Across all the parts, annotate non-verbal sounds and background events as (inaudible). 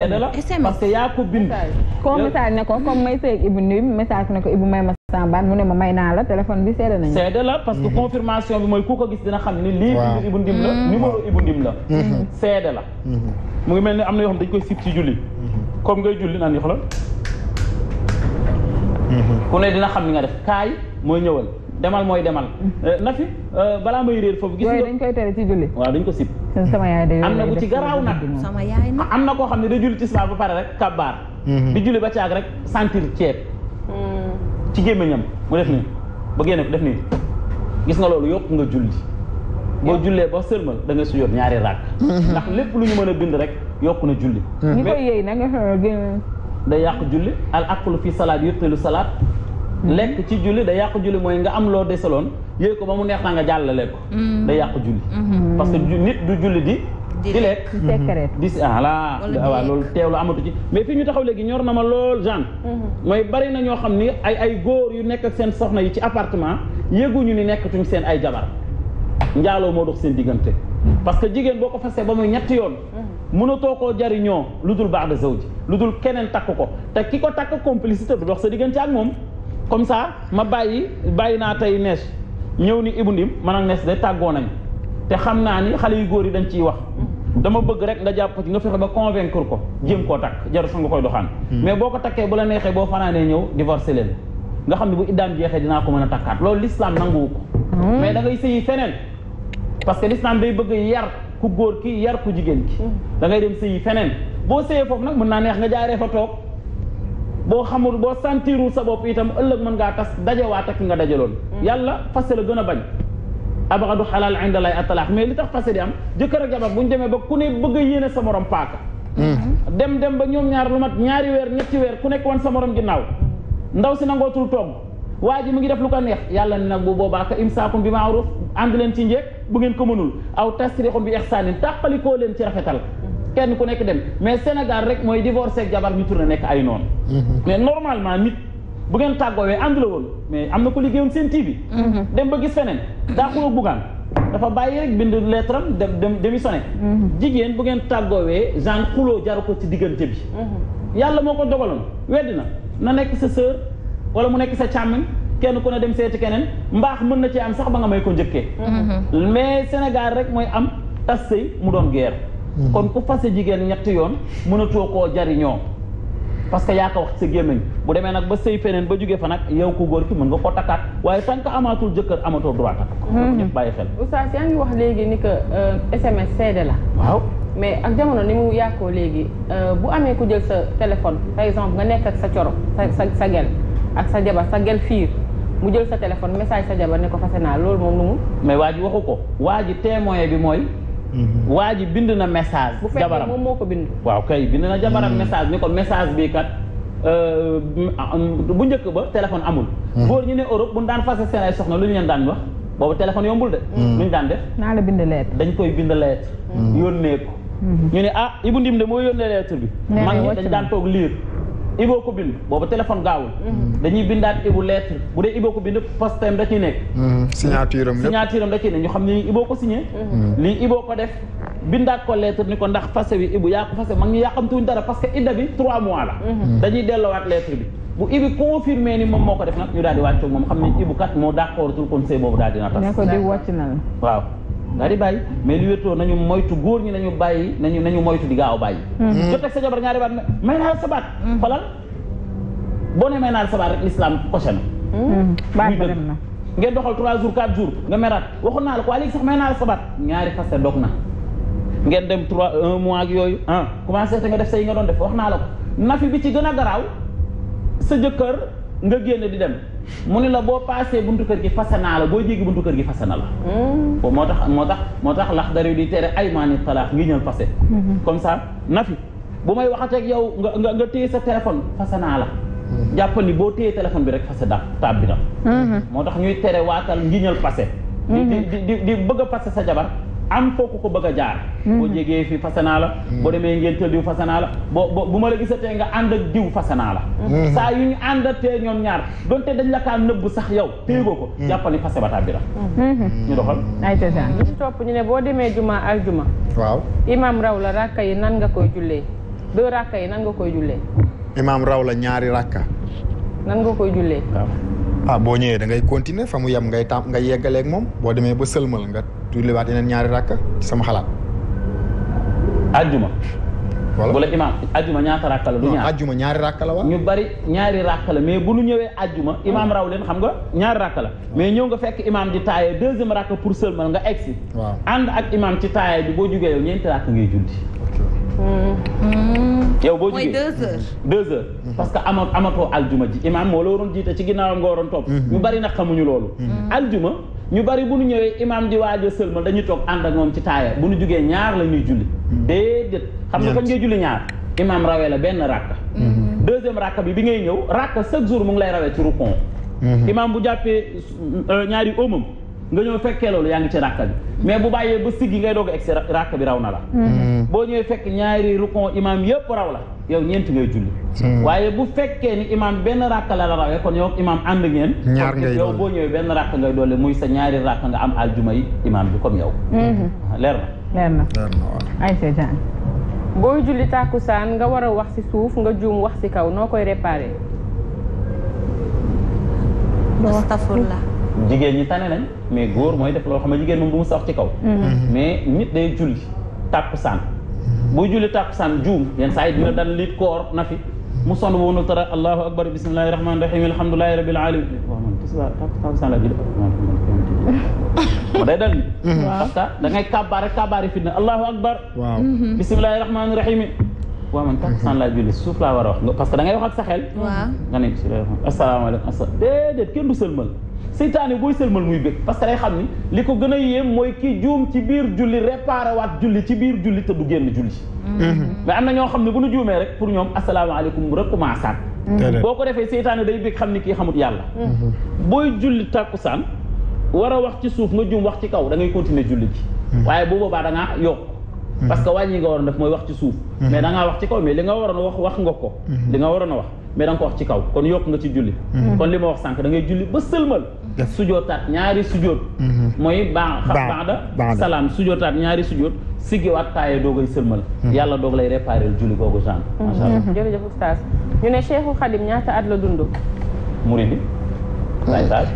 SMS parce que yaa ko bind. koo message ne ko comme may sëy Ibou Ndim message ne ko Ibou may ma sambaat mu ne ma may naa la téléphone bi seede nañ seede la parce que mhm. confirmation bi mooy ku ko gis dina xam ni. lii bindu Ibou Ndim la mhm. numéro Ibou Ndim la. Mhm. seede la. mu ngi mel ni am na yoo dañ koy sib ci julli. kom ngay julli naan yox la. ku ne dina xam ni nga def kaay mooy ñëwal. demal mooy demal. Mm-hmm. Eh, na fi eh, balaa may réer foofu. gis nga dañ koy tere ci julli. waaw dañ ko sib. sama yaay day am na bu ci garaaw nag. sama yaay nag ah, am na ko xam ne da julli tisbaar ba pare rek kabbaar. Mm-hmm. di julli ba caag rek santir ceeb. Mm. ci gémmiñam mu def nii ba génne ko def nii gis nga loolu yokk nga julli. boo jullee ba sërmal da nga sujjóot ñaari ràkk. Mm-hmm. ndax lépp lu ñu mën a bind rek yokk na julli. ñi koy yëy na nga day yàq julli al aklu fi salaat yutilu salaat. Mm-hmm. lekk ci julli da yàq julli mooy nga am loo desaloon yooyu ko ba mu neex na nga jàllale ko mm-hmm. da yàq julli mm-hmm. parce que nit du julli di di lekk di si voilà ah waaw loolu teewlu amatu ci mais fii ñu taxaw léegi ñor na ma lool genre mooy bari na ñoo xam ni ay ay góor yu nekk seen soxna yu ci apartement yëguñu ni nekk nekkatuñ seen ay jabar njaaloo moo dox seen diggante parce que jigéen boo ko fasee ba muy ñetti yoon mënatoo koo jariñoo lu dul baax de zawji lu dul keneen takk ko te ki ko takk complicité du dox sa diggante ak moom comme ça ma bàyyi bàyyi naa tey nees ñëw ni Ibou Ndim man ak nees de tàggoo nañ te xam naa ni xale yu góor yi dañ ciy wax dama bëgg rek nga jàpp ci nga fexe ba convaincre ko jéem koo takk jaru sa nga koy doxaan hmm. mais boo ko takkee bu la neexee boo fanaanee ñëw divorcé leen nga xam ne bu daan jeexee dinaa ko mën a takkaat loolu l'islam nanguwu ko hmm. mais da ngay sëyi feneen parce que l'islam day bëgg yar ku góor ki yar ku jigéen ki hmm. da ngay dem sëyi feneen boo sëyee foofu nag mën naa neex nga jaaree fa toog boo xamul boo sentirul sa bopp itam ëllëg mën ngaa tas dajawaat ak nga dajaloon mm. yàlla fase la gën a bañ abxadu xalaal inda lay atalaax mais li tax fase di am jëkkër ak jabar bu ñu demee ba ku ne bëgg a yéene sa morom paaka mm. dem dem ba ñoom ñaar lu mat ñaari weer ci weer ku nekk woon sa morom ginnaaw ndaw si nangootul toog waa ji mu ngi def lu ko neex yàlla ne nag bu boobaa ka imsaakum bi maaruf ànd leen ci njëkk bu ngeen ko mënul aw tasrixum bi ixsaanin tàqalikoo leen ci rafetal mm. kenn ku nekk dem mais Sénégal rek mooy divorcé ak jabar ñu tourné nekk ay noonu Mm-hmm. mais normalement nit bu ngeen tàggoowee ànd la woon mais am na ko liggéeyoon seen TV. Mm-hmm. dem ba gis feneen daa xuloo buggaan dafa bàyyi rek bind lettre am dem dem démissionné. Mm-hmm. jigéen bu ngeen tàggoowee genre xuloo jaru ko ci diggante bi. yàlla moo ko dogaloon weddi na nekk sa sœur wala mu nekk sa càmmiñ kenn ku ne dem seeti keneen mbaax mën na ci am sax ba nga may ko njëkkee. mais Sénégal rek mooy am tas sëy mu doon guerre. kon ku fase jigéen ñetti yoon mënatoo koo jariñoo. parce que yaa ko wax sa gémmiñ bu demee nag ba sëy feneen ba jógee fa nag yow ku góor ki mën nga ko takkaat waaye tant que amaatul jëkkër amatoo droit hmm. wax léegi ni que euh, SMS seede la waaw mais ak jamono ni mu yàqoo léegi euh, bu amee ku jël sa téléphone par exemple nga nekk ak sa coro sa sa sa ak sa jabar sa gel fiir mu jël sa téléphone message sa jabar ne ko fase naa loolu moom lu mu mais waa ji waxu ko waa ji témoin bi mooy Mm-hmm. waa ji bind na message. jabaram bu fekkee moom moo ko bind. waaw kay bind na jabaram mm-hmm. message ni ko message bi kat euh, bu njëkk ba téléphone amul. Mm-hmm. góor ñi ne Europe bu ñu daan fase seen ay soxna lu ñu leen daan wax boobu téléphone yombul de. lu ñu daan def. naa la bind lettre. dañ koy bind lettre. yónnee ko. ñu ne ah Ibou Ndim de moo yónnee lettre bi. nee ñi dañ daan toog liir. Iboo ko bind boobu téléphone gaawul. Mhm. dañuy bindaat Ibou lettre bu dee Iboo ko bind postem da da ciy mhm. xam ne Iboo ko signé. Mhm. ko def bindaat ko lettre ni ko ndax fase wi yaa ko fase mag ñu yàqamtuwuñ dara parce que idda bi trois mois la. dañuy delloowaat lettre bi. bu ibi confirmé ni moom moo ko def nag ñu daal di moom xam ne ibu kat moo d'accord tul conseil boobu daal dina tas. ne ko di wàcc na la waaw. daal di bàyyi mais li wétoo nañu moytu góor ñi nañu bàyyi nañu nañu moytu di gaaw bàyyi hmm. jot ak sa jabar ñaari baat may naa la sa baat hmm. xolal boo ne may naa la sa baat rek l'islam coché hmm. na muy dëgg ngeen doxal 3 jours 4 jours nga meraat waxoon naa la ko waa léegi sax may naa la sa ñaari faste dog na ngeen dem 3 1 mois ak yooyu ah commencé te nga def sa yi nga doon def wax naa la ko nafi bi ci gën a garaaw sa jëkkër nga génn di dem mu ne la boo paasee buntu kër gi fasanaa la boo jéggi buntu kër gi fasana la. Mm. bon moo tax moo tax moo tax lax dara di tere ay maani talaax ngi ñëw fase. Mm-hmm. comme ça na fi bu may waxateeg yow nga nga nga téye sa téléphone fasanaa la. Mm-hmm. jàppal ni boo téye téléphone bi rek fase da taab bi na. Mm-hmm. moo tax ñuy tere waatal ngiñal passé. di di di bëgg a passé sa jabar. am fooku ko bëgg a jaar boo mhm. jegee fi fasanaa la mhm. boo demee ngénte diw fasanaa la boo bu ma la gisatee nga ànd ak diw fasanaa la mhm. saa yu ñu àndatee ñoom ñaar donte dañ la kaa nëbb sax yow téegoo ko jàppali fase ba tàbbi ñu doxal ay tesaan ñu topp ñu ne boo demee juma ak juma waaw imaam raw la rakka yi nan nga koy jullee deux rakka yi nan nga koy jullee imaam raw la ñaari rakka nan nga koy jullee ah boo ñëwee da ngay continuer fa mu yem ngay tam nga yeggaleeg moom boo demee ba sëlmal nga tulliwaat yeneen ñaari rakk ci sama xalaat. ajjuma. voilà wala imaam ajjuma ñaata rakk la du ñaar ajjuma ñaari rakk la ñu bari ñaari rakk la mais bu ñu ñëwee ajjuma ah. imaam raw leen xam nga ñaari rakk la ah. mais ñëw nga fekk imaam di taayee deuxième rakk pour sëlmal nga egsi waaw ànd ak imaam ci taaye bi boo jugee yow ñeenti rakk ngay julli hmm. Hmm. yow boo jugee mooy deux heures. Mm-hmm. deux heures mm-hmm. parce que ama amatoo aljuma ji imaam moo la waroon jiite ci ginnaawam nga waroon topp. Mm-hmm. ñu bari na xamuñu loolu. aljuma ñu bari bu ñu ñëwee imaam di waaj a sëlmal dañuy toog ànd ak moom ci taaya bu ñu jugee ñaar la ñuy julli. déedéet xam ne kañ ngay julli ñaar imaam rawee la benn rakka. deuxième rakka bi bi ngay ñëw rakka chaque jour mu ngi lay rawee ci rukon. imaam bu jàppee euh, ñaari omam. nga ñëw fekkee loolu yaa ngi ci ràkka bi mais bu bàyyee ba siggi ngay doog a egg si bi raw na la mm-hmm. boo ñëwee fekk ñaari rukon imaam yëpp raw la yow ñeenti ngay julli mm-hmm. waaye bu fekkee ni imaam benn ràkka la la rawee kon yow imaam ànd ngeen ñaar ngay yow boo ñëwee benn ràkka ngay doole muy sa ñaari ràkka nga am aljuma yi imaam bi comme yow mm-hmm. leer na leer na ay see booy julli tàkkusaan nga war a wax si suuf nga juum wax si kaw noo koy réparé. doo jigéen ñi tane nañ mais góor mooy def loo xam ne jigéen moom du mu sax ci kaw mm-hmm. Mm-hmm. mais nit day julli tàkkusaan buy julli tàkkusaan juum yenn saa yi dina daan liit koor na fi mu sonn bu wonul tara allahu akbar bismillahi rahmani rahim alhamdulilahi rabbil alamin waaw man tisbaar tàkkusaan la julli ma day dal ni mm-hmm. parce que da ngay kàbbaar rek kàbbaar yi fitna allahu akbar waaw bismillahi rahmani rahim waaw man tàkkusaan laa julli suuf laa war a wax parce que da ngay wax ak sa xel nga ne bismillahi rahmani asalaamaaleykum déedéet kenn du sëlmal seytaane booy sëlmal muy bëgg parce que day xam ni li ko gën a yéem mooy ki juum ci biir julli réparé waat julli ci biir julli te génn julli mm-hmm. mais am na ñoo xam ne bu ñu juumee rek pour ñoom asalaamaaleykum recommençaat mm-hmm. boo ko defee seytaane day bëgg xam ni kii xamut yàlla mm-hmm. booy julli tàkkusaan war a wax ci suuf nga juum wax ci kaw da ngay continuer julli ji waaye bu boobaa da ngaa yokk parce que wàññi nga waroon def mooy wax ci suuf mais dangaa wax ci kaw mais li nga waroon wax wax nga ko li nga waroon a wax mais da ko wax ci kaw kon yokk nga ci julli mhm. kon li ma wax sànq da ngay julli ba sëlmal sujootaat ñaari sujoot mhm. mooy baax xam baax da salaam sujootaat ñaari sujoot siggiwaat taaye doogay sëlmal mhm. yàlla doog lay réparel julli googu genre macha allah jërëjëf oustaz ñu ne Cheikhul Khadim ñaata at la dund mu laaj laaj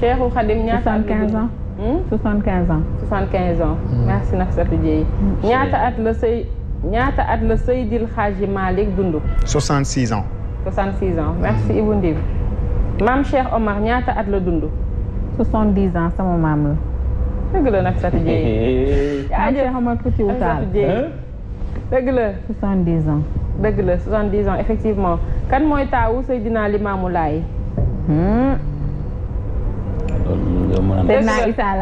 Cheikhul Khadim ñaata at la dund 75 ans 75 hmm? ans merci Nafsatou ñaata at la ñaata at la Seydil Hadji Malick dund 66 ans 66 ans merci Ibou Ndim. maam Cheikh Omar ñaata at la dund. 70 ans sama maam la. dëgg la nag Fatou Dieye. maam Cheikh Omar Fouti wu Taal dëgg la. 70 ans. dëgg la 70 ans effectivement kan mooy taawu Seydina dëgg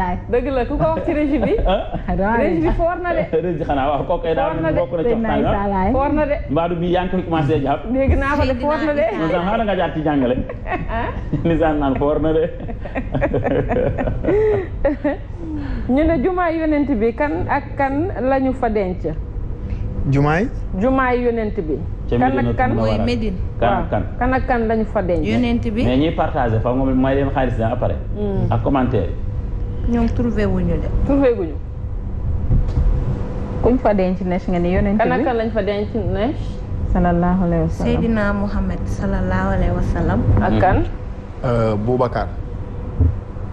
la dëgg la ku ko wax ci régie bi. Ah. régie foor na de. (laughs) régie xanaa waaw kooku ay daal bokk na cox tànga foor na de. Ah. mbaadu bi yaa ngi koy commencé naa ko de foor na de. nisan xaaral nga jaar ci jàngale. (laughs) nisan naan foor na de. (laughs) ñu ne jumaay yonent bi kan ak kan lañu fa denc. jumaay. jumaay yonent bi. Ah, kan ak kan mooy Médine kan lañu fa denc yonent bi mais ñuy partagé fa moom may leen xaalis na après hmm. ak commentaire yi ñoom trouvé wuñu de trouvé guñu kuñ fa denc nees nga ni yonent bi kan ak kan lañ fa denc nees sallallahu alayhi wa Seydina Muhammad sallallahu alayhi wa ak hmm. kan euh, Boubacar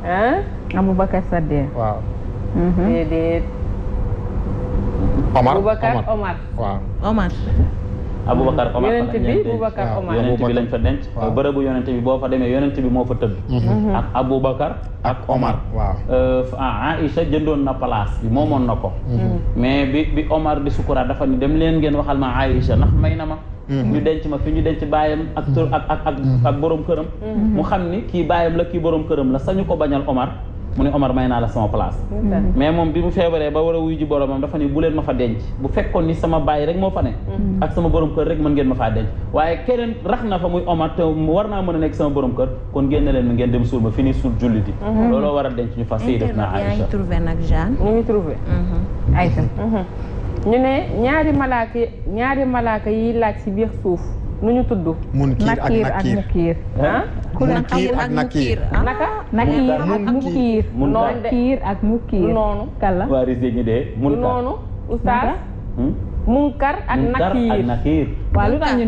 ah Aboubacar Saddiq mhm. Omar Omar Aboubacar Omar yonente bi Aboubacar Omar yonente bi lañ fa denc bërëbu yonente bi boo fa demee yonente bi moo fa tëdd mhm. ak Aboubacar ak Omar waaw euh, ah, Aïcha jëndoon na place bi moomoon na ko mhm. mais bi bi Omar di sukuraat dafa ni dem leen ngeen waxal ma Aïcha ndax may na ma mhm. ñu denc ma fi ñu denc baayam ak ak ak ak ak borom këram mu xam ni kii baayam la kii borom këram la sañu ko bañal Omar mu ne Omar may naa la sama place mm-hmm. mais moom bi mu feebaree ba war a wuyu ji boromam dafa ne bu leen ma fa denc bu fekkoon ni sama baay rek moo fa ne mm-hmm. ak sama borom kër rek mën ngeen ma faa denc waaye keneen rax na fa muy Omar te war naa mën a nekk sama borom kër kon génne leen mi ngeen dem suul ba fi ni suul jullit yi mm-hmm. looloo war a denc ñu fa Sayyidatuna Aïcha trouvé nag ñu ne ñaari malaaka ñaari malaaka yi laaj si biir suuf nu ñu tudd. munkiir ak nakiir munkiir ak nakiir ah? naka. nakiir ak munkiir noonu ak munkiir noonu. kala waa Rizé ñu dee. munkar hmm? munkar ak nakiir waaw lu